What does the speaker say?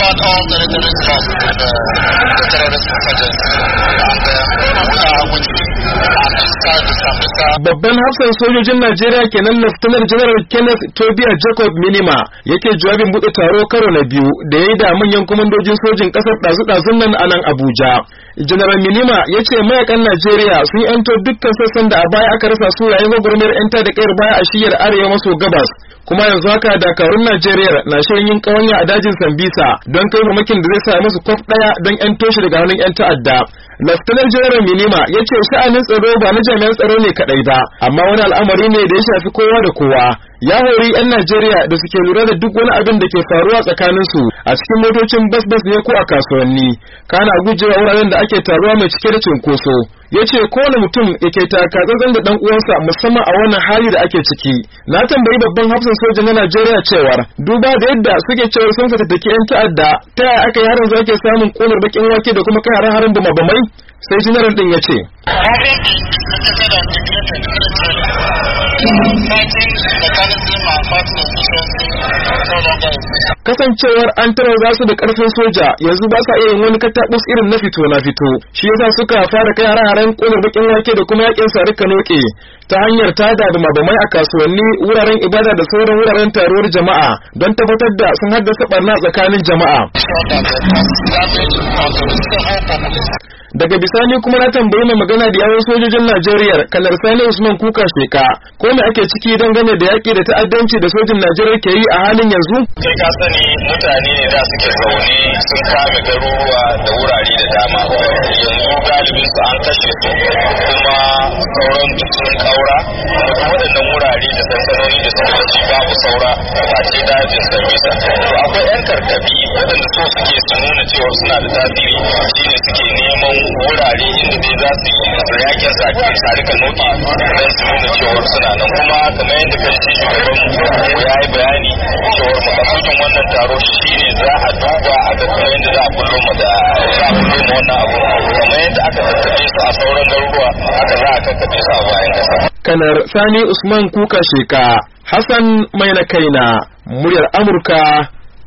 about all the, stuff the, terrorist insurgents Babban hafsan sojojin Najeriya kenan Laftanar General Kenneth Tobia Jacob Minima yake jawabin buɗe taro karo na biyu da ya yi da manyan kwamandojin sojin ƙasar ɗazu-ɗazun nan a nan Abuja. General Minima ya ce mayakan Najeriya sun yanto dukkan sassan da a baya aka rasa su yayin gwagwarmayar 'yan da kayar baya a shiyar arewa maso gabas. kuma yanzu haka dakarun Najeriya na shirin yin kawanya a dajin Sambisa don kai mamakin da zai sa musu kwaf daya don yan toshe daga hannun yan ta'adda. Laftanar Jerin Minima ya ce sha'anin tsaro ba na jami'an tsaro ne kadai ba amma wani al'amari ne da ya shafi kowa da kowa ya hori 'yan Najeriya da suke lura da duk wani abin da ke faruwa tsakaninsu a cikin motocin bas-bas ne ko a kasuwanni kana gujewa wuraren da ake taruwa mai cike da cunkoso ya ce kowane mutum ya ke zanzan da dan uwansa musamman a wannan hali da ake ciki na tambayi babban hafsan soja na Najeriya cewar duba da yadda suke cewa sun take 'yan ta'adda ta yaya aka yi harin zake samun kunar bakin wake da kuma kai harin da mabamai sai jinarar din ya ce Thank you. kasancewar an tara za su da karfin soja yanzu ba sa iya yin wani katabus irin na fito na fito shi yasa suka fara kai hare-haren kunar bakin wake da kuma yakin sare kanoke ta hanyar ta da mabamai a kasuwanni wuraren ibada da sauran wuraren taruwar jama'a don tabbatar da sun haddasa barna tsakanin jama'a daga bisani kuma na tambayi mai magana da yawon sojojin najeriya kalar sani usman kuka sheka ko me ake ciki dangane da yaƙi da ta'addanci da sojin najeriya ke yi a halin yanzu kai ka sani mutane ne da suke zaune sun kame garuruwa da wurare da dama yanzu galibin su an kashe su kuma sauran duk sun kaura waɗannan wurare da sansanoni da ba babu saura a ce dajin sarbisa gargaɗi waɗanda so suke su nuna cewa suna da tasiri shine suke neman wurare inda dai za su yi yakin sarikan noki don su nuna cewa suna nan kuma kamar yadda kan shi shugaban ya yi bayani cewa makasudin wannan taro shine za a duba a ga kuma yadda za a kullo mu da za a kullo mu wannan abu kamar yadda aka tattabe su a sauran garuruwa aka za a kakkabe su a bayan kanar sani usman kuka sheka hassan mai na kaina muryar amurka